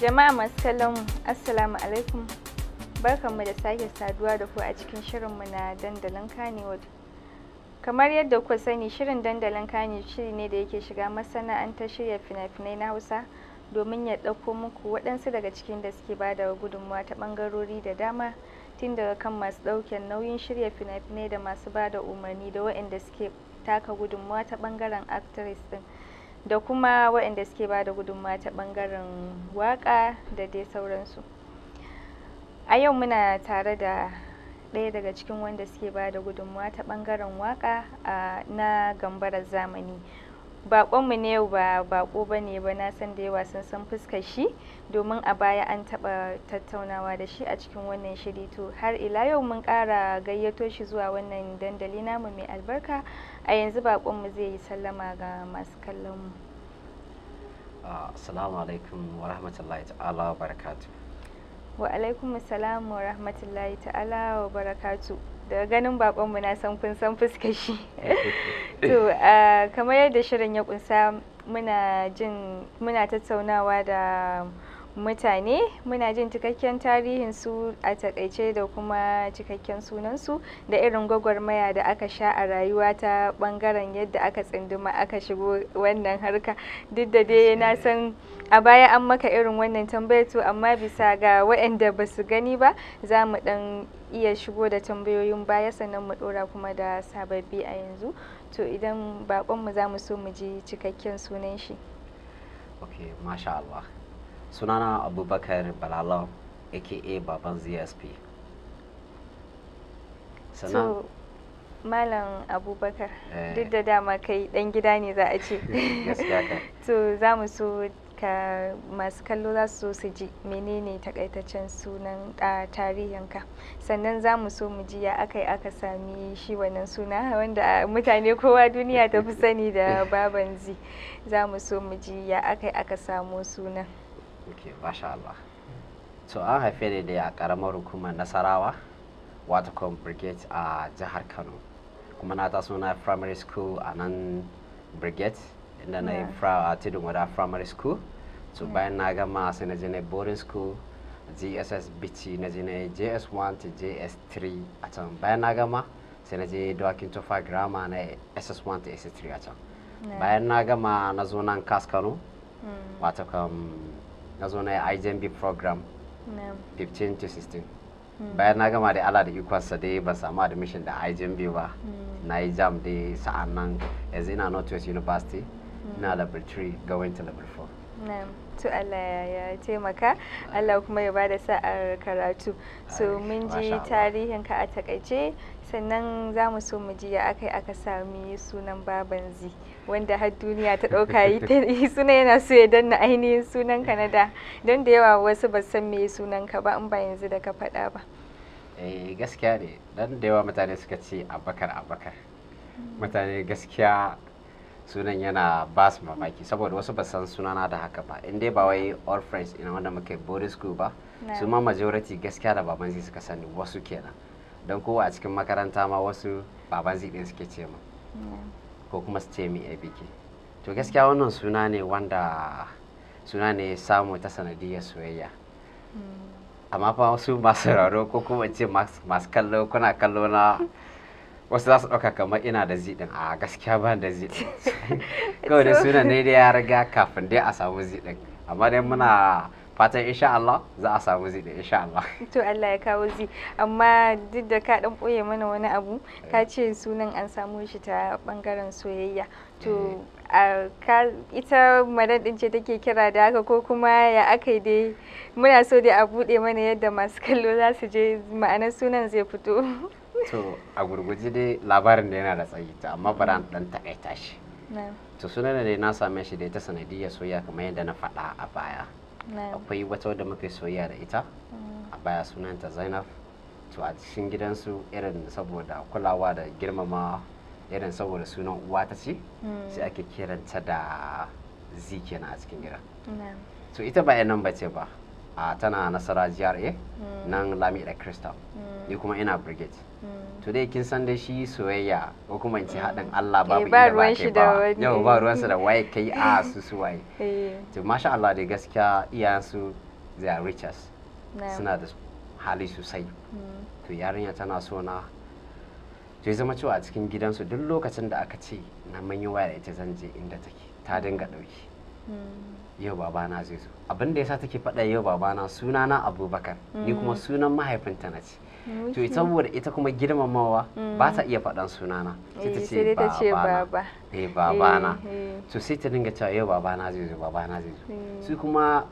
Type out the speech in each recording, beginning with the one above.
jama'a masu kallon assalamu alaikum barkanmu da sake saduwa da ku a cikin shirinmu na dandalin kanewood kamar yadda kuka sani shirin dandalin kane shiri ne da yake shiga masana'antar shirya fina-finai na hausa domin ya ɗauko muku waɗansu daga cikin da suke ba da gudunmawa ta ɓangarori da dama tun daga kan masu ɗauken nauyin shirya fina-finai da masu ba da umarni da waɗanda suke taka gudunmawa ta ɓangaren actress ɗin da kuma waɗanda suke ba da gudunmawa ta ɓangaren waƙa da dai sauransu a yau muna tare da ɗaya daga cikin wanda suke ba da gudunmawa ta ɓangaren waƙa na gambarar zamani baƙonmu ne ba baƙo ba ne ba na san da yawa sun san fuskar shi domin a baya an taɓa tattaunawa da shi a cikin wannan shiri to har ila yau mun ƙara gayyato shi zuwa wannan dandali namu mai albarka a yanzu baƙonmu zai yi sallama ga masu kallon mu. Ah, assalamu alaikum wa rahmatullahi ta'ala wa barakatu. Wa alaikum wa rahmatullahi ta'ala wa barakatu. da ganin bakonmu na san kun san fuskar shi to kamar yadda shirin ya kunsa muna jin muna tattaunawa da mutane muna jin cikakken tarihin su a takaice da kuma cikakken sunansu da irin gwagwarmaya da aka sha a rayuwa ta bangaren yadda aka tsinduma aka shigo wannan harka duk da dai na san a baya an maka irin wannan tambayar to amma bisa ga waɗanda ba su gani ba za mu ɗan iya shigo da tambayoyin baya sannan mu ɗora kuma da sababbi a yanzu to idan baƙonmu za mu so mu ji cikakken sunan shi. Okay, masha Allah. sunana abubakar balala aka baban zsp So, malam abubakar eh. duk da dama kai dan gida ne za a ce to za mu so ka masu kallo za su so su ji menene takaitaccen sunan da tarihinka sannan za mu so mu ji ya aka yi aka sami shi wannan suna wanda mutane kowa duniya ta fi sani da baban babanzi za mu so mu ji ya aka yi aka samu sunan ok masha Allah to an haife ne da karamar hukumar nasarawa watercom brigade a jihar kano kuma na taso na primary school a nan brigade inda na yi mm. a tudun wada primary school to mm. bayan na gama sai na je na boarding school gss bici na je na js1 to js3 a can bayan na gama sai na je dokin tofa grammar na ss1 to ss3 a can bayan na gama na zo nan kas kano mm. wato na na yi IJMB program 15 to 16 hmm. bayan na gama da ala da ikonsa dai ban samu admission da IJMB ba hmm. na yi jam da sa'an nan yanzu ina Northwest University hmm. Na level 3 going to level 4 to Allah ya taimaka Allah kuma ya bada sa'ar karatu so mun ji tarihin ka a takaice sannan za mu so mu ji ya aka aka sami sunan babanzi. wanda har duniya ta ɗauka yi suna yana so ya danna ainihin sunan ka na da don da yawa wasu ba san me sunan ka ba in ba yanzu da ka faɗa ba eh gaskiya ne dan da yawa mutane suka ce abakar abakar mutane gaskiya sunan yana ba su mamaki saboda wasu ba san sunana da haka ba in dai ba wai all friends ina wanda muka boarding school ba su ma majority gaskiya da baban zai suka sani wasu kenan don kowa a cikin makaranta ma wasu baban zai ɗin suke ce mu ko kuma su ce ya biki to gaskiya wannan suna ne wanda suna ne samu ta sanadiyar soyayya hmm. amma fa wasu masu raro ko kuma ce masu kallo kuna kallo na wasu za su ɗauka kamar ina da zidin a gaskiya ba da zidin kawai da suna ne da ya riga kafin dai a samu zidin amma dai muna fatan insha Allah za a samu zai da insha Allah to Allah ya kawo zai amma duk da ka dan boye mana wani abu ka eh. ce sunan an samu shi ta bangaren soyayya to eh. ita madan din ce take kira da haka ko kuma ya aka dai muna so dai a bude mana yadda masu kallo za su je ma'ana sunan zai fito to a gurguje dai labarin da yana da tsayi ta amma bara dan takaita shi to sunan da na same shi da ita sanadiyar soyayya kamar yadda na faɗa a baya akwai wata wadda muka soyayya da ita a baya sunanta zainab to a cikin gidansu irin saboda kulawa da girmama irin saboda sunan uwa ta ce hmm. sai ake kiranta da zi kenan a cikin gida to ita ba nan ba ce ba a tana nasara gra hmm. nan lami da crystal hmm. ni kuma ina brigade To dai kin san da shi soyayya ko kuma in ce haɗin Allah babu inda ba kai ba yau ba ruwansa da waye kai a su su waye eh. to masha Allah da gaskiya iyayensu they are riches suna da hali sosai hmm. to yarinya tana so na to ya zama cewa a cikin gidansu duk lokacin da aka ce na manyan waya ita zan je inda take ta dinga ɗauki hmm. yau babana zai zo abin da yasa take faɗa yau babana sunana abubakar ni mm. kuma sunan mahaifinta na ce mm, to saboda ita kuma girmamawa mm. ba ta iya faɗan sunana sai ta eh, ce eh babana eh, eh. to sai ta dinga cewa yau babana zai zo babana zai zo su kuma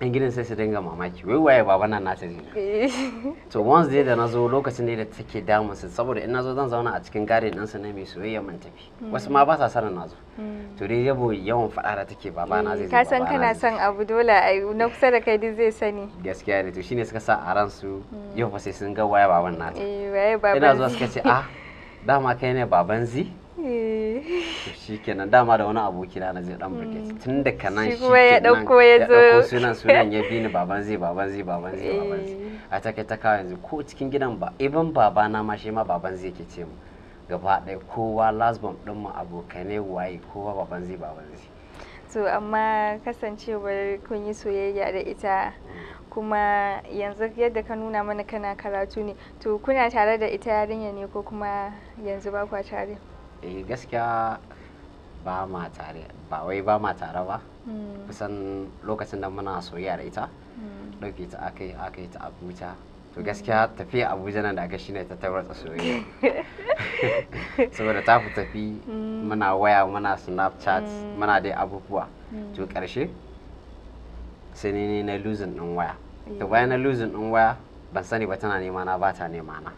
in gidan sai su dinga mamaki wai waye baba nan nata ne to once dai da na zo lokacin ne da take damun su saboda in na zo zan zauna a cikin gare ɗinsu na mai soyayya man tafi hmm. wasu ma ba sa sanin na zo hmm. to dai yabo yawan faɗa da take baba na zai hmm. ka san kana son abu dole ai na kusa da kai duk zai sani gaskiya ne to shine suka sa a ran su yau fa sai sun ga waye baban nata eh waye baban ina zuwa suka ce ah dama kai ne baban zi Eh. shi kenan dama da wani aboki na zai dan burge mm. tun da kana shi kuma ya dauko ya zo sunan sunan ya bini baban zai baban zai baban zai baban zai eh. a take ta kawo yanzu ko cikin gidan ba even baba na ma shi ma baban zai ke ce mu gaba ɗaya kowa lasbom din mu abokai ne waye kowa baban zai baban zai to amma kasancewar kun yi soyayya da ita mm. kuma yanzu yadda ka nuna mana kana karatu ne to kuna tare da ita yarinya ne ko kuma yanzu ba kwa tare eh gaskiya ba ma tare ba wai ba ma tare ba hmm. kusan lokacin da muna soyayya da ita hmm. ɗauke ta aka yi ta abuja to hmm. gaskiya tafiya abuja nan da aka shine ta taurata soyayya saboda ta fi tafi muna waya muna snapchat muna dai abubuwa to ƙarshe sai ne na losing ɗin waya to bayan na losing ɗin waya ban sani ba tana nema na ba ta nema na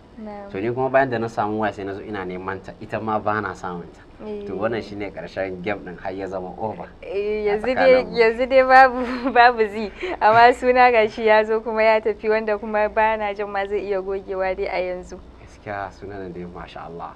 to ni kuma bayan da na samu waya sai na zo ina neman ta ita ma ba na samun ta eh. to wannan shine karshen game din har ya zama over eh, yanzu dai yanzu dai babu babu zi amma suna gashi ya zo kuma ya tafi wanda kuma ba na jin ma zai iya gogewa dai a yanzu gaskiya sunan da masha Allah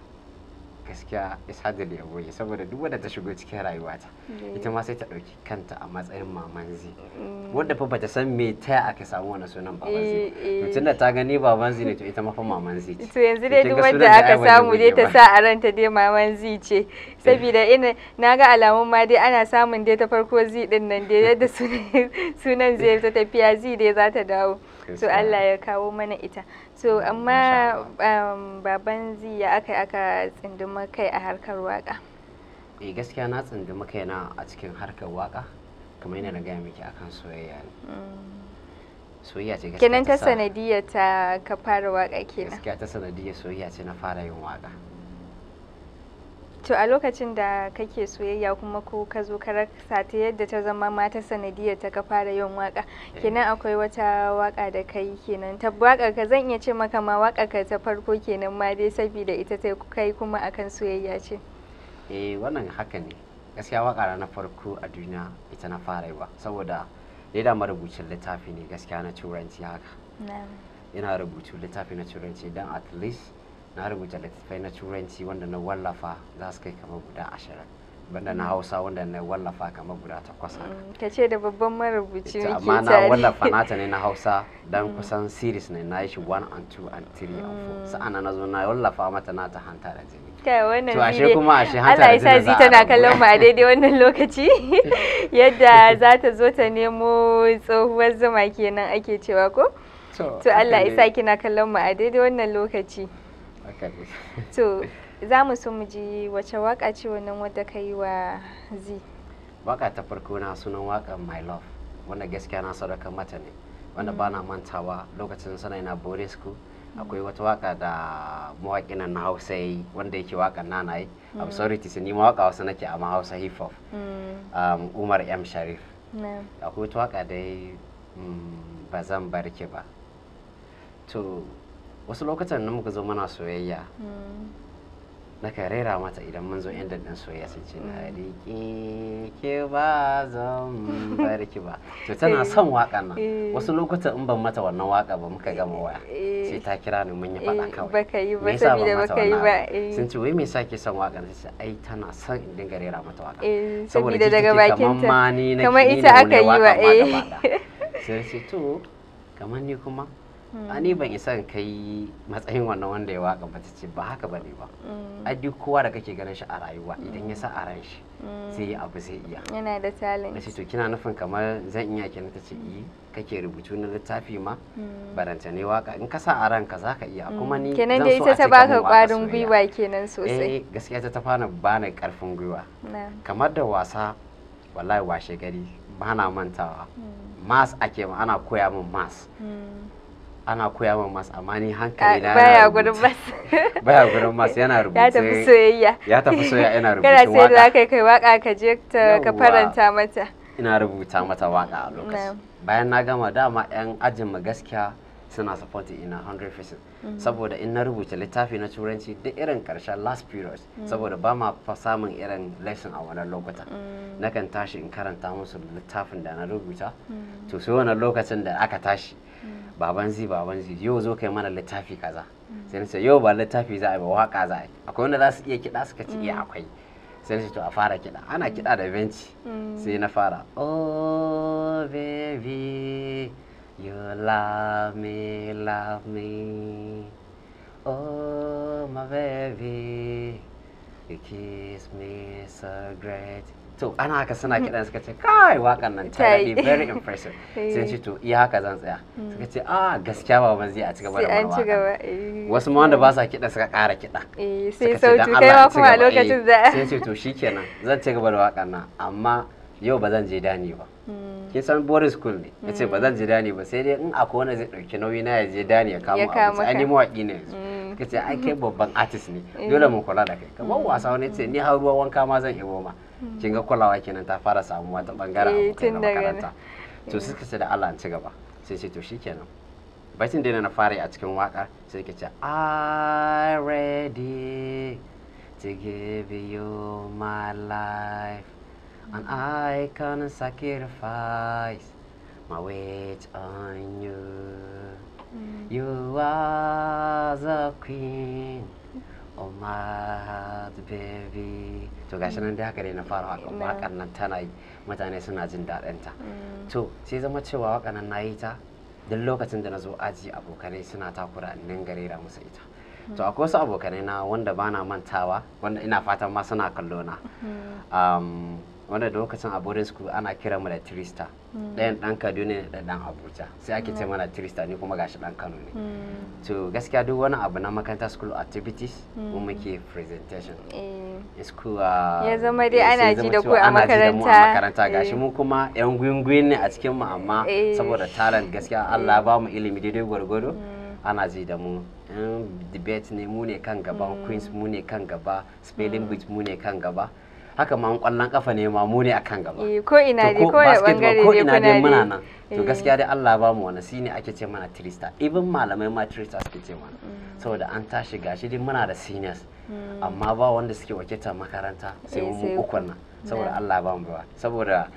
gaskiya ishadar ya a saboda duk wanda ta shigo cikin rayuwata mm. ita ma sai ta ɗauki kanta a matsayin mamanzi mm. wanda fa bata san me ta aka samu wani sunan babanzi eh, to eh. tunda ta gani babanzi ne to ita ma fa mamanzi ce to yanzu dai duk wanda aka samu dai ta sa a ranta dai mamanzi ce saboda eh. ina naga alamun ma dai ana samun dai ta farko zi din nan dai yadda sunan zai ta tafiya zi dai za ta dawo so Allah ya kawo mana ita so amma um, baban ziya aka aka tsinduma kai a harkar waka eh gaskiya na tsinduma kai na a cikin harkar waka kamar yana gaya miki akan soyayya ne mm. soyayya ce gaskiya kenan ta sanadiyar ta ka fara waka kenan gaskiya ta sanadiyar soyayya ce na fara yin waka to a lokacin da kake soyayya kuma ko ka zo ka rasa ta yadda ta zama mata sanadiyar ta ka fara yin waka eh. kenan akwai wata waka da kai kenan ta waka ka zan iya ce maka ma waka ka ta farko kenan ma dai saboda ita ta kai kuma akan soyayya ce eh wannan haka ne gaskiya waka na farko a duniya ita na fara yi saboda dai da marubucin littafi ne gaskiya na turanci haka ina rubutu littafi na turanci dan at least na rubuta littattafai na turanci wanda na wallafa za su kai kamar guda ashirin banda na hausa wanda na wallafa kamar guda takwas haka mm, ka ce da babban marubuci ne amma na wallafa nata ne na hausa dan mm. kusan series ne na yi shi 1 and 2 and 3 and 4 mm. Sa'a na zo na wallafa mata nata hanta da jini kai wannan to ashe kuma ashe hanta da jini Allah ya sa tana kallon mu a daidai wannan lokaci yadda za ta zo ta nemo tsohuwar zuma kenan ake cewa ko to Allah ya sa kina kallon mu a daidai wannan lokaci to za mu so mu ji wace waka ce wannan wadda ka yi wa zi waka ta farko na sunan waka my love wanda gaskiya na sadaka mata ne wanda mm. ba na mantawa lokacin sana na boresku akwai wata waka da mawaƙi na hausa yi wanda yake waka nana yi i'm mm. sorry to say ni mawaka wasu nake a mahausa hip hop mm. um, umar m sharif akwai wata waka da ba zan bar ki ba to wasu lokacin da muka zo mana soyayya hmm. na ka rera mata idan mun zo yan daɗin soyayya sun ce na hmm. riƙe ke ba zan bar ki ba to tana son waƙa nan eh. wasu lokutan in ban mata wannan waƙa ba muka gama waya eh. sai ta kira ni mun yi faɗa eh, kawai baka yi ba saboda baka yi ba sun ce wai me yasa ke son waƙa sai ai tana son in dinga rera mata waƙa saboda daga bakin ta kamar ita aka yi ba eh sai ce to kamar ni kuma Hmm. ani ban isa in kai matsayin wannan wanda ya waka ba ce ba haka bane ba a hmm. duk kowa da kake ganin shi a rayuwa idan hmm. ya sa a ran shi sai yi abu zai iya yana da talent nace to kina nufin kamar zan iya kina ta ce yi eh, kake rubutu na littafi ma baranta ne waka in ka sa a ranka zaka iya kuma ni kenan da ita ta baka kwarin gwiwa kenan sosai eh gaskiya ta ta fana bani karfin gwiwa kamar da wasa wallahi washe gari ba na mantawa mas ake ma ana koya min mas ana koya wa masu amani hankali na ah, baya gurin mas baya gurin mas yana rubutu ya tafi eh. soyayya ya tafi soyayya yana rubutu waka kana sai da kai kai waka ka je ka faranta mata ina rubuta mata waka a lokaci bayan na gama dama yan ajin ma gaskiya suna support ina 100% mhm. saboda in na rubuta littafi na turanci da irin karshen last period mm. saboda ba ma fa samun irin lesson a wannan lokuta mm. nakan tashi in karanta musu littafin da na rubuta mm. to sai wannan lokacin da aka tashi babanzi babanzi yau zo kai mana littafi kaza sai na ce yau ba littafi za a ba waka za a akwai wanda za su iya kiɗa suka ce iya eh, mm. akwai sai na ce to a fara kiɗa ana kiɗa da benci mm. sai na fara oh baby you love me love me oh my baby you kiss me so great to ana haka suna mm. kiɗan suka ce kai wakan nan ta yi very impressive sai ce to iya haka zan tsaya mm. suka ce ah gaskiya ba ban zai a cigaba da wani eh. wasu ma wanda ba sa kiɗa suka ƙara kiɗa eh, sai sautu kai ma kuma a lokacin eh, za sai ce to kenan zan cigaba da wakan nan amma yau ba zan je dani ba mm. kin san boarding school ne ya ce ba zan je dani ba sai dai in akwai wani zai ɗauki nauyi na ya je dani ya kama abinci an yi mawaƙi ne yanzu ka ce ai kai babban artist ne eh. dole mu kula da kai kamar mm. wasa wani ce ni har ruwan wanka ma zan ibo ma mm. kin ga kulawa kenan ta fara samuwa ta bangaren eh, abokai makaranta to suka ce da Allah an ci gaba sai ce to shikenan cin da na fara a cikin waka sai ka ce I ready to give you my life and I can sacrifice my weight on you You are the queen of oh, my heart, baby. To gashi nan dai haka dai na fara wakan wakan nan tana yi mutane suna jin daɗinta. Mm. To sai zama cewa wakan nan na yi ta duk lokacin da na zo aji abokanai suna takura in dinga rera musu ita. To mm. akwai wasu abokanai na wanda bana mantawa wanda ina fatan ma suna kallo na. Mm. Um, wanda lokacin a boarding school ana kira mu da trista hmm. ɗayan ɗan kaduna da ɗan abuja sai ake ce hmm. mana trista ne kuma gashi ɗan kano ne hmm. to gaskiya duk wani abu na makaranta school activities mu muke presentation eh. school ah, ya zama dai eh, ana ji da ku a makaranta makaranta gashi eh. mu kuma yan gwingwin ne a cikin mu amma saboda talent gaskiya Allah ba mu ilimi daidai gwargwado ana ji da mu debate ne mu ne kan gaba queens mu ne kan gaba spelling bee mu ne kan gaba haka ma kwallon kafa ne ma mu ne akan gaba eh, ko ina ne ko da bangare ne ko ina ne muna nan to eh. gaskiya dai Allah ba mu wani ne ake ce mana trista even malamai ma trista suke ce mana mm. saboda an tashi gashi dai muna da seniors mm. amma ba wanda suke wakiltar makaranta sai eh, mu uku nan saboda Allah ba mu ba saboda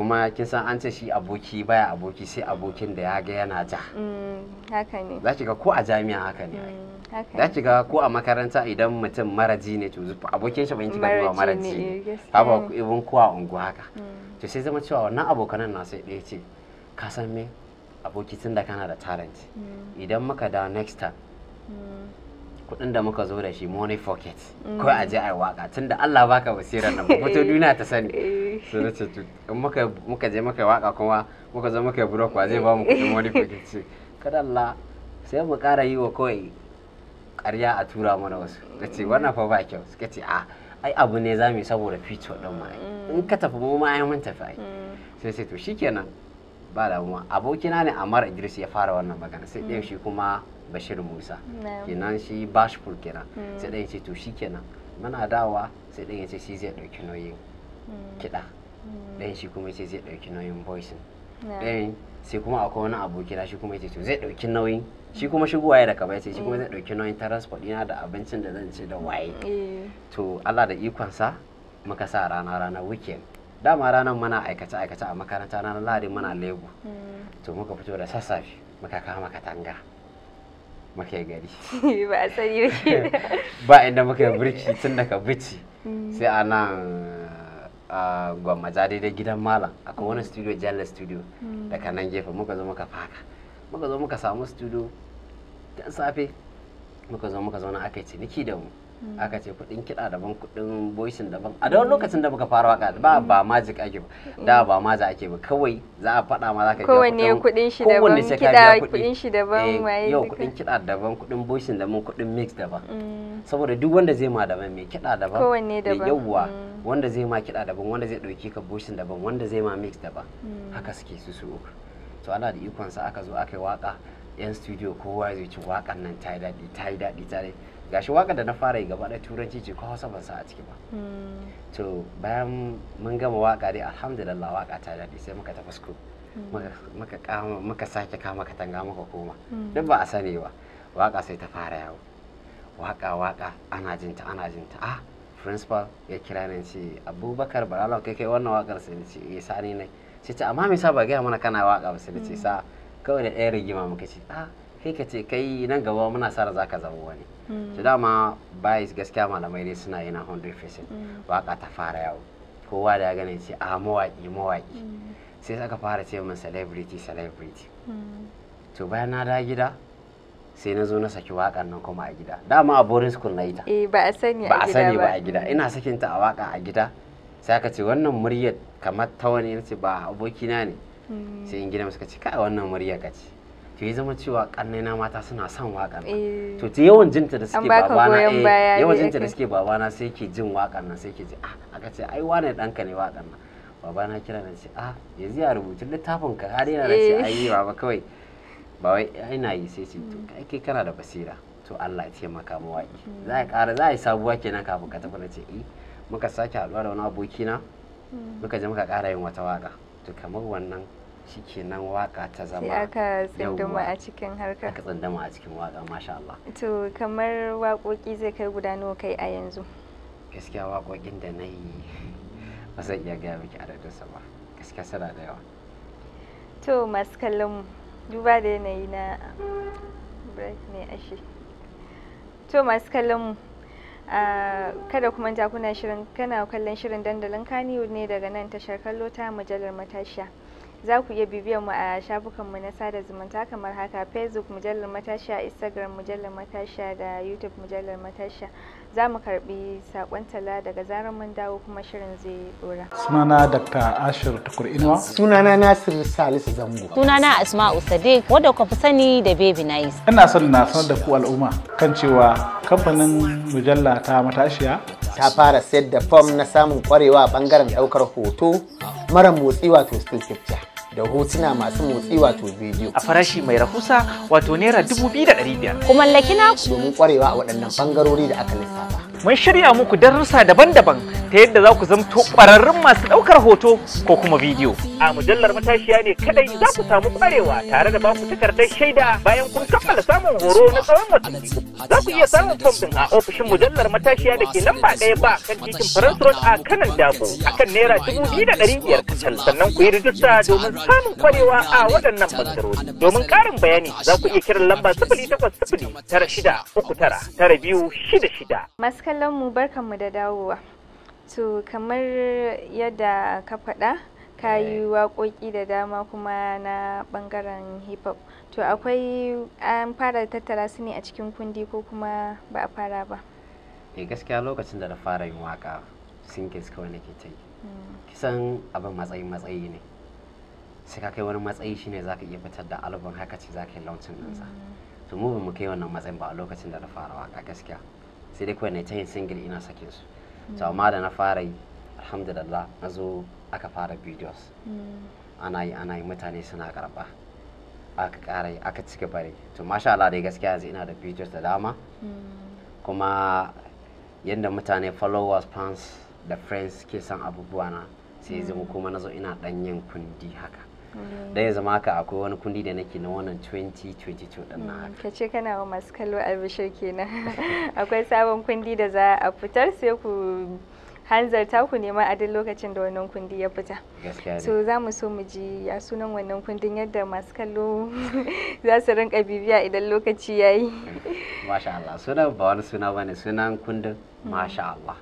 kuma kin san an ce shi aboki baya aboki sai abokin da ya ga yana ja mm, haka ne za ki ga ko a jami'a haka ne mm, za ki ga ko a makaranta idan mutum maraji ne to abokin shi ban ki ga ba maraji ne haba eh. ibun ko a ungu haka mm. to sai zama cewa wannan abokanan na sai ɗaya ce ka san me aboki tun da kana da talent idan muka da next time kuɗin da muka zo da shi money pocket mm. ko a ji ai waka tunda Allah baka basirar nan fito duniya ta sani eh. so na ce to in muka muka je muka waka kuma muka zo muka broke wa zai ba mu kudin money pocket ce kada Allah sai mu ƙara yi wa kawai ƙarya a tura mana wasu kace mm. wannan fa ba kyau suka ce a ai abu ne za mu saboda fito ɗin ma. Mm. in ka tafi mu ma ai mun tafi ai sai sai to shikenan ba damuwa abokina ne Amar Idris ya fara wannan magana sai shi kuma bashir musa kenan shi bashful kenan hmm. sai ɗaya ce to shi kenan muna dawa sai ɗaya ce shi zai ɗauki nauyin hmm. kiɗa dan hmm. shi kuma ce zai ɗauki nauyin voicing dan sai kuma akwai wani abokina shi kuma ya ce to zai ɗauki nauyin shi kuma shigowa ya da kaba sai shi kuma zai ɗauki nauyin transport ina da abincin da zan ci da waye eh. to Allah da ikonsa muka sa rana rana weekend dama ranar muna aikace aikace a makaranta na lahadi muna lego to muka fito da sassafe muka kama katanga muke gari ba a sani ba ba inda muke yi tun daga bici mm. sai a nan a gwammaja daidai gidan malam akwai wani studio jalla studio mm. daga nan gefe muka zo muka faka muka zo muka samu studio da safe muka zo muka zauna aka yi ciniki da mu Hmm. aka ce kudin kiɗa daban kudin voicing daban a don lokacin da muka fara waka ba ba magic ake ba hmm. da ba maza ake ba kawai za a faɗa ma za ka kowanne kudin shi daban kiɗa kudin shi daban waye yau kudin kiɗa daban kudin voicing daban kudin mix daban hmm. saboda duk wanda zai ma daban mai kiɗa daban kowanne daban yawwa wanda zai ma kiɗa daban wanda zai ɗauki ka voicing daban wanda zai ma mix daban haka suke su su to ana da ikon sa aka zo aka yi waka yan studio kowa zai ci wakan nan ta yi daɗi ta yi daɗi ta yi gashi wakan da na fara yi gaba da turanci ce ko hausa ban sa a ciki ba hmm. to bayan mun gama waka dai alhamdulillah waka ta daɗi sai muka tafi school hmm. muka sake kama katanga muka koma hmm. duk ba a sani ba waka sai ta fara yawo waka waka ana jinta ana jinta ah principal ya kira ni ce abubakar barala kai kai wannan wakar sai ni ce eh, sani ne sai ta amma me sa ba gaya mana kana waka ba sai ni ce sa'a. kawai da ɗaya rigima muka ce a ah, kai ka ce kai nan gaba muna sa za ka zama wani su hmm. dama bayis gaskiya malamai ne suna yana 100% waka ta fara yawo kowa da ya gane ce a ah, mawaƙi mawaƙi hmm. sai aka fara ce min celebrity celebrity hmm. to bayan na da gida sai na zo na saki waƙan nan kuma a gida dama a boarding school na ita eh, ba a sani ba a gida ina sakinta a waƙa a gida sai aka ce wannan muryar kamar ta wani ba abokina ne Hmm. sai in gina suka ce kai wannan murya ka ce to ya zama cewa kannena mata suna son waƙar nan eh. to ta yawan jinta da suke babana eh yawan jinta da suke babana sai ke jin waƙar nan sai ke ji ah aka ce ai wane ka ne waƙar nan babana kira na ce ah yanzu ya rubuta littafin ka har yana ce eh. ai baba kawai ba wai ina yi sai ce to hmm. kai kai kana da basira to Allah ya taimaka mu waki hmm. za a ƙara za a yi sabuwa kenan kafin ka tafi na ce eh muka sake haɗuwa da wani abokina muka je muka ƙara yin wata waƙa to kamar wannan shikenan waka ta zama sai aka tsindama a cikin harka aka tsindama a cikin waka masha Allah to kamar waƙoƙi zai kai guda nawa kai a yanzu gaskiya waƙoƙin da na yi ba zan iya gaya miki adadinsa ba gaskiya suna da yawa to masu kallon duba da yanayi na break ne ashe to masu kallon mu kada kuma ta kuna shirin kana kallon shirin dandalin kaniwood ne daga nan tashar kallo ta mujallar matashiya za ku iya bibiyar mu a shafukanmu na sada zumunta kamar haka facebook mujallar matasha instagram mujallar matasha da youtube mujallar matashiya za mu karbi sakon tala daga zarar mun dawo kuma shirin zai dora sunana dr ashir tukur inuwa sunana nasir salisu zango sunana asma'u sadiq wadda ku sani da baby nice ina son na sanar da ku al'umma kan cewa kamfanin mujalla ta matashiya ta fara sayar da fom na samun kwarewa a bangaren daukar hoto mara motsi wato still picture da hotuna masu motsi wato bidiyo a farashi mai rahusa wato naira dubu biyu da ɗari biyar. Ku mallaki naku domin kwarewa a waɗannan bangarori da aka lissafa. mun shirya muku darussa daban-daban ta yadda za ku zamto ƙwararrun masu ɗaukar hoto ko kuma bidiyo. A mujallar matashiya ne kadai za ku samu ƙwarewa tare da baku takardar shaida bayan kun kammala samun horo na tsawon watanni. Za ku iya samun fom a ofishin mujallar matashiya da ke lamba ɗaya ba kan titin Farans Road a kanan Dabo kan naira dubu biyu da ɗari biyar kacal sannan ku yi rijista domin samun ƙwarewa a waɗannan ɓangarori. Domin ƙarin bayani za ku iya kiran lamba sifili takwas sifili tara shida uku tara tara biyu shida shida. kallon mu mu da dawowa. To kamar yadda ka faɗa ka eh. yi waƙoƙi da dama kuma na ɓangaren hip hop. To akwai an fara tattara su ne a cikin kundi ko kuma ba a fara ba? Eh gaskiya lokacin da na fara yin waƙa singles kawai nake ta yi. Hmm. Kisan abin matsayi matsayi ne. Sai ka kai wani matsayi shine za ka iya fitar da album haka ce za ka yi launcin sa hmm. To mu ba mu kai wannan matsayin ba a lokacin da na fara waƙa gaskiya. sai dai kawai na ta yin single ina sakin su mm. to amma da na fara yi alhamdulillah na zo aka fara videos mm. ana yi ana yi mutane suna karba aka kara aka cika bare to masha Allah dai gaskiya yanzu ina da videos da dama mm. kuma yanda mutane followers fans da friends ke san abubuwa na sai zama kuma na zo ina dan yin kundi haka Mm. da ya zama haka akwai wani kundi da nake na wannan 2022 din na haka mm, ka ce kana wa masu kallo albishir kenan akwai sabon kundi da za a fitar sai ku hanzarta ku nema a duk lokacin da wannan kundi ya fita. So za mu so mu ji ya sunan wannan kundin yadda masu kallo za su rinka bibiya idan lokaci ya yi. Masha Allah, sunan ba wani suna bane sunan kundin mm. Masha Allah.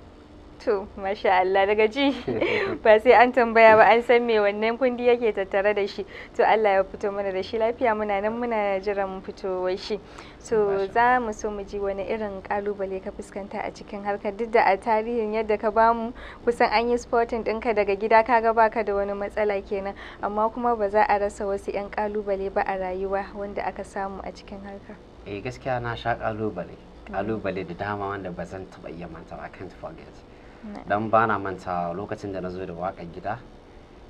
To, masha Allah daga ji ba sai an tambaya ba an san me wannan kundi yake tattare da shi. To Allah ya fito mana da shi lafiya muna nan muna jiran fitowar shi. So za mu so mu ji wani irin kalubale ka fuskanta a cikin harkar duk da a tarihin yadda ka bamu kusan an yi sporting dinka daga gida ka ga baka da wani matsala kenan amma kuma ba za a rasa wasu 'yan kalubale ba a rayuwa wanda aka samu a cikin harkar. Eh gaskiya na sha kalubale. Kalubale mm. da dama wanda ba zan taba iya manta I can't forget. dan bana na manta lokacin da na zo da waƙar gida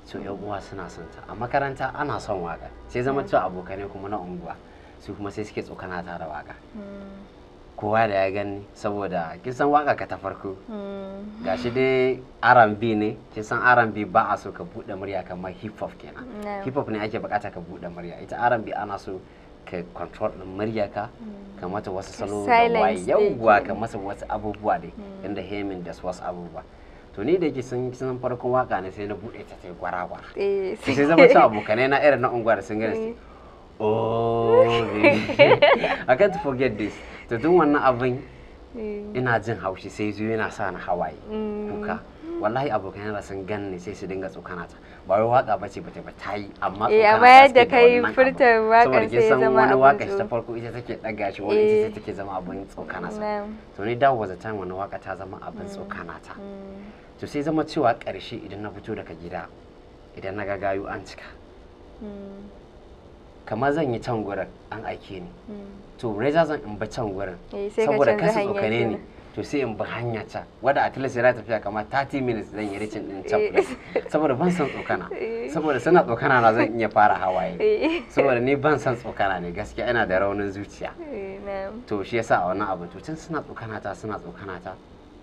su yan uwa suna son ta a makaranta ana son waƙa sai zama cewa abokanai kuma na unguwa su kuma sai suke tsokana ta da waƙa hmm. kowa da ya gani saboda kin san waka ka ta farko hmm. gashi dai R&B ne kin san R&B ba a so ka buɗe murya kamar hip hop kenan hip hop ne ake bukata ka buɗe murya ita R&B ana so ka control din murya ka mm. mata wasu salo da yawwa ka masa wasu abubuwa dai mm. inda hemin da wasu abubuwa to ni da ke sun san farkon waka ne sai na bude ta sai gwara eh, sai zama cewa abokanai na irin na unguwar sun gani mm. oh i can't forget this to duk wannan abin ina jin haushi sai zuwa yana sa na hawaye kuka wallahi abokan ba sun ganni sai su dinga tsokana ta ba wai waka ba ce bata ba ta yi amma eh, tsokana ta da kai furta waka sai ya zama wani waka ta farko ita take daga shi wani ita mm. take zama abin tsokana sa to ni da was time wani waka ta zama abin mm. tsokana ta mm. to sai zama cewa karshe idan na fito daga gida idan na gayu an cika kamar zan yi can gurin an aike ni to rai zan in ba can gurin eh, saboda kasu tsokane ni to sai in bi hanya ta wadda a tilas yana tafiya kamar 30 minutes zan yi ricin din can saboda ban san tsokana eh. saboda suna tsokana na zan iya fara hawaye eh. saboda ni ban san tsokana ne gaskiya ina da raunin zuciya eh, to shi yasa a wannan abu to can suna tsokana ta suna tsokana ta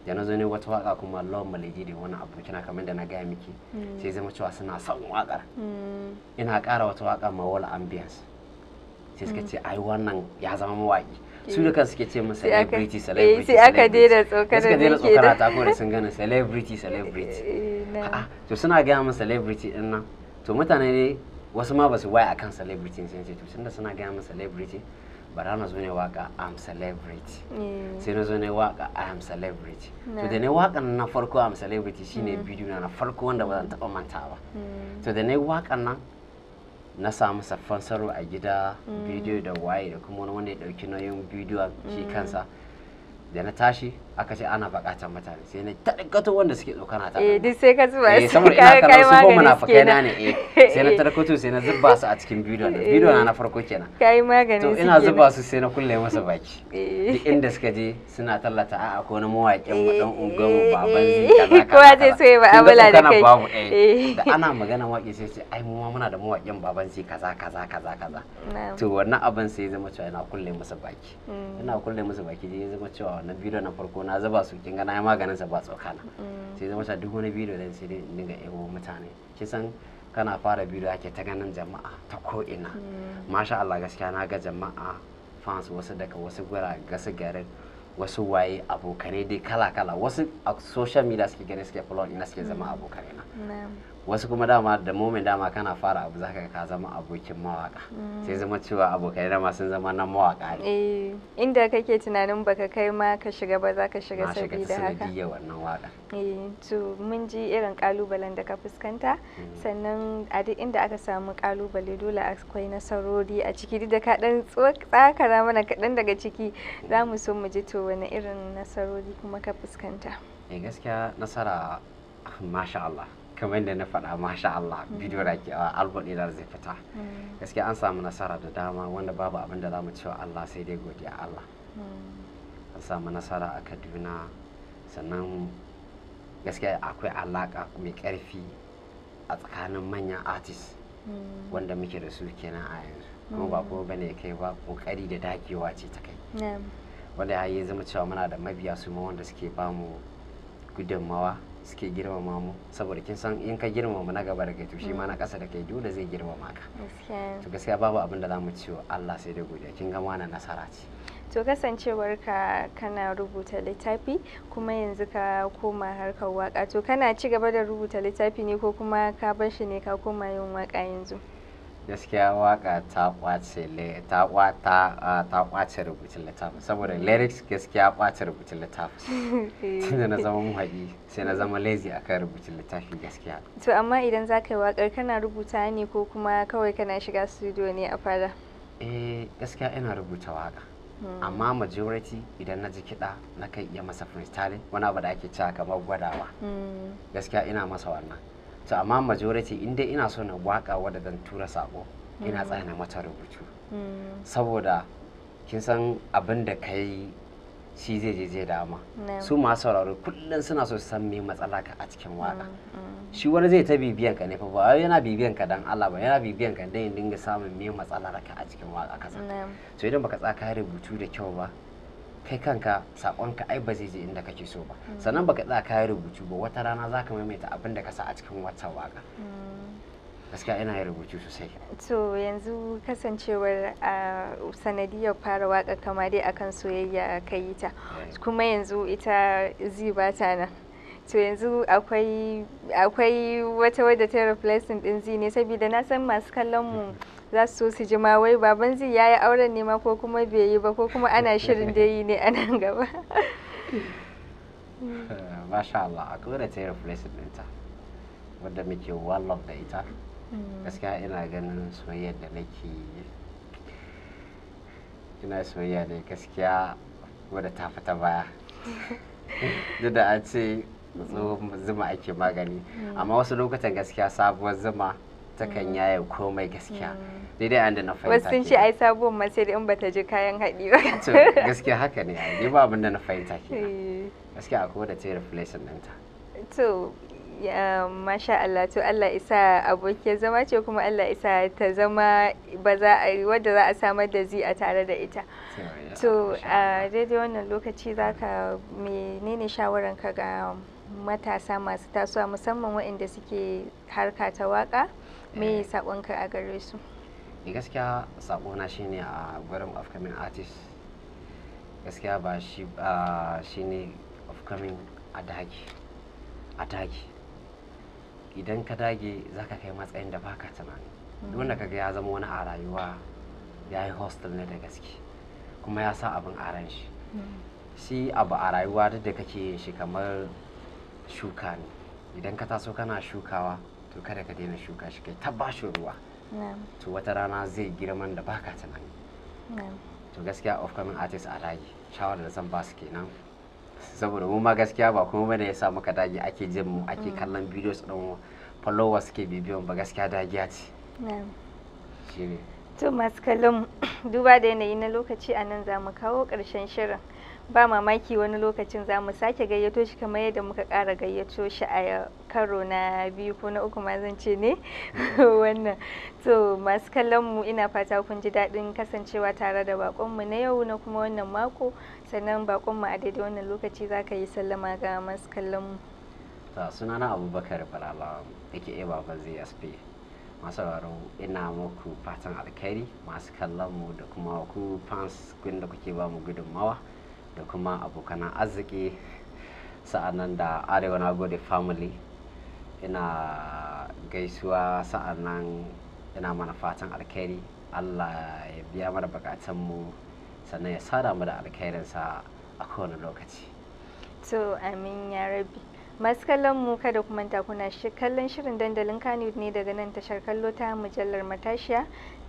da na zo ne wata waka kuma lawan malaji da wani abokina kamar da na gaya miki hmm. sai zama cewa suna son wakar hmm. ina kara wata waka ma wala ambiance sai suka hmm. ce ai wannan ya zama mawaki su da kan suke ce mu celebrity eh, celebrity sai aka daina tsokana suka daina tsokana ta kore sun gane celebrity celebrity eh, eh, a'a to suna gaya mu celebrity din nan to mutane ne wasu ma ba su waya akan celebrity sun ce to tunda suna gaya mu celebrity bara na zo ne waka am celebrity sai na zo ne waka i am celebrity to da ne wakan na farko am celebrity shine mm. bidiyo na farko wanda ba zan taba mantawa ba mm. to da ne wakan nan na samu saffan saro a gida mm. bidiyo da waye da kuma wani wanda ya dauki nauyin bidiyo shi kansa da na tashi aka ce ana bakatan mutane sai na ta dakkato wanda suke tsokan ta eh duk sai ka zuba eh, su saboda ina kallon su ko munafikai na ne eh sai na tarkato sai na zuba su a cikin bidiyon nan eh. bidiyon na farko kenan kai magani to ina zuba su sai na kulle masa baki eh. duk inda suka je suna tallata a'a ko na mawaƙin mu dan ungan mu baban zai kaza ko ce sai ba abula da kai babu eh da ana magana waƙi sai ce ai mu ma muna da mawaƙin baban zai kaza kaza kaza kaza to wannan abin sai ya zama cewa ina kulle masa baki mm. ina kulle masa baki ya zama cewa wannan bidiyon na farko na zuba su kin na maganin sa ba tsokana sai zama duk wani bidiyo da sai dai dinga yabo mutane kisan kana fara bidiyo ake ta ganin jama'a ta ko ina mm. masha Allah gaskiya na ga jama'a fans wasu daga wasu gura gasu garin wasu waye abokanai dai kala-kala wasu a social media suke gani suke follow ina suke zama mm. abokanai na wasu kuma dama da momen dama kana fara abu zaka ka zama abokin mawaka mm. sai zama cewa abokai dama sun zama na mawaka ne eh, inda kake tunanin baka kai ma ka shiga ba zaka shiga da haka na wannan waka eh, to mun ji irin kalubalen da ka fuskanta mm. sannan a duk inda aka samu kalubale dole akwai nasarori a ciki duk da ka dan tsakara mana kaɗan daga ciki za mu so mu ji to wani irin nasarori kuma ka fuskanta eh gaskiya nasara masha Allah kamar da na faɗa masha Allah bidiyo mm. da ke ah, album da zai fita mm. gaske an samu nasara da dama wanda babu abin da za mu cewa Allah sai dai godiya Allah mm. an samu nasara a Kaduna sannan gaske akwai alaka mai ƙarfi a tsakanin manyan artist wanda muke da su kenan a yanzu kuma ba kuma bane kai ba kokari da dakewa ce ta kai wanda ya yi zama cewa muna da mabiya su ma wanda suke bamu gudunmawa suke girmama mu saboda kin san in ka girmama na gaba da kai to shi ma na kasa mm. da kai dole zai girmama ka to gaskiya babu abin da zamu ciwo Allah sai dai godiya kin ga wannan nasara ce to kasancewar ka kana rubuta littafi kuma yanzu ka koma harkar waka to kana ci gaba da rubuta littafi ne ko kuma ka bar shi ne ka koma yin waka yanzu gaskiya waka ta kwace ta kwata ta kwace rubutun littafin saboda lyrics gaskiya kwace rubutun littafin eh. da na zama muhaɗi sai na zama lazy akan rubutun littafi gaskiya to amma idan za ka yi wakar kana rubuta ne ko kuma kawai kana shiga studio ne a fara. eh gaskiya ina rubuta waka hmm. amma majority idan na ji kiɗa na kan iya masa freestyling wani abu da ake cewa kamar gwadawa hmm. gaskiya ina masa wannan to amma majority inda ina so na waka wadda zan tura sako ina mm. tsana mata rubutu mm. saboda kin san abin da ka yi shi zai je je dama su masu sauraro kullum suna so su san me matsala ka a cikin mm, waka shi wani zai ta bibiyan ka ne fa ba yana bibiyan ka dan Allah ba yana bibiyan ka dan dinga samun me matsala ka a cikin waka kasa to idan baka tsaka rubutu da kyau ba kai kanka sakonka ai ba zai je inda kake so ba sannan baka tsaya kayan rubutu ba wata rana zaka maimaita abin da ka sa a cikin wata waka mm. gaskiya ina yin rubutu sosai to yanzu kasancewar a sanadiyar fara waka kama dai akan soyayya ka yi ta kuma yanzu ita ziba ta nan to yanzu akwai wata wadda ta replacing din zine saboda na san masu kallon mu za su so su ji ma wai baban zai yi auren ne ma ko kuma bai yi ba ko kuma ana shirin da yi ne a nan gaba masha Allah a wadda ta yi replacing ɗinta wadda muke wallon da ita mm. gaskiya ina ganin soyayyar da nake ina soyayya ne gaskiya wadda ta fita baya duk da a ce zuma ake magani mm. amma wasu lokutan gaskiya sabuwar zuma takan mm. yaye komai gaskiya daidai mm. an da na fahimta wasu ce ai sabuwar ma sai in bata ji kayan haɗi ba to gaskiya haka ne ni ba abin da na fahimta ke eh. gaskiya akwai da ta yi reflection ɗinta to masha Allah to Allah isa abokiyar zama ce kuma Allah isa ta zama ba za a yi wadda za a samar da zi a tare da ita to a daidai wannan lokaci za ka menene shawaranka ga matasa masu tasowa musamman waɗanda suke harka ta waka me ya ka a gare su gaskiya shi shine a gurin upcoming artist gaskiya ba shi shine upcoming a dage a dagi idan ka dage za ka kai matsayin da baka tunani duk ka kaga ya zama wani a rayuwa ya yi hostel ne da gaske kuma ya sa abin a ran shi shi abu a rayuwa duk da kake yin shi kamar shuka ne idan ka taso kana shukawa to kada ka daina shuka shi kai ta bashi ruwa to wata rana zai girman da baka tunani to gaskiya of coming artist a ragi shawara da zan ba su kenan saboda mu ma gaskiya ba kuma bane sa muka dage ake jin mu ake mm. kallon videos din followers suke bibiyon ba gaskiya dagiya ce to masu kallon duba da yanayi na lokaci a nan za mu kawo ƙarshen shirin ba mamaki wani lokacin za mu sake gayyato shi kamar yadda muka ƙara gayyato shi a karo na biyu ko na uku ma zan ce ne wannan to masu kallon mu ina fata kun ji daɗin kasancewa tare da bakonmu na yau na kuma wannan mako sannan bakonmu a daidai wannan lokaci za ka yi sallama ga masu kallon mu sunana abubakar falala ake iya baban zsp masu sauraro ina muku fatan alkhairi masu kallon mu da kuma ku fans da kuke ba mu gudunmawa da kuma abokan arziki sa'annan da arewa na gode family ina gaisuwa sa'annan ina mana fatan alkhairi allah ya biya mana bukatunmu sannan ya sada mu da alkhairinsa a kowane lokaci to amin ya rabi masu kallon mu kada kuma manta kuna kallon shirin dandalin kano ne daga nan tashar kallo ta mujallar matashiya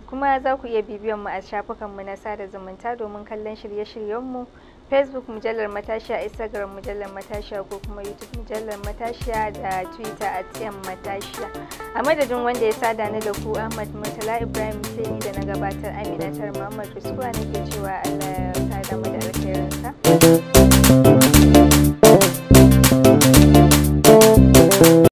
kuma za ku iya bibiyan mu a shafukanmu na sada zumunta domin kallon shirye-shiryenmu facebook mujallar matashiya instagram mujallar matashiya ko kuma youtube mujallar matashiya da twitter at yan matashiya a madadin wanda ya sada ni da ku ahmad murtala ibrahim sai ni da na gabatar amina tar muhammad uskuwa nake cewa allah ya sada mu da alkhairinsa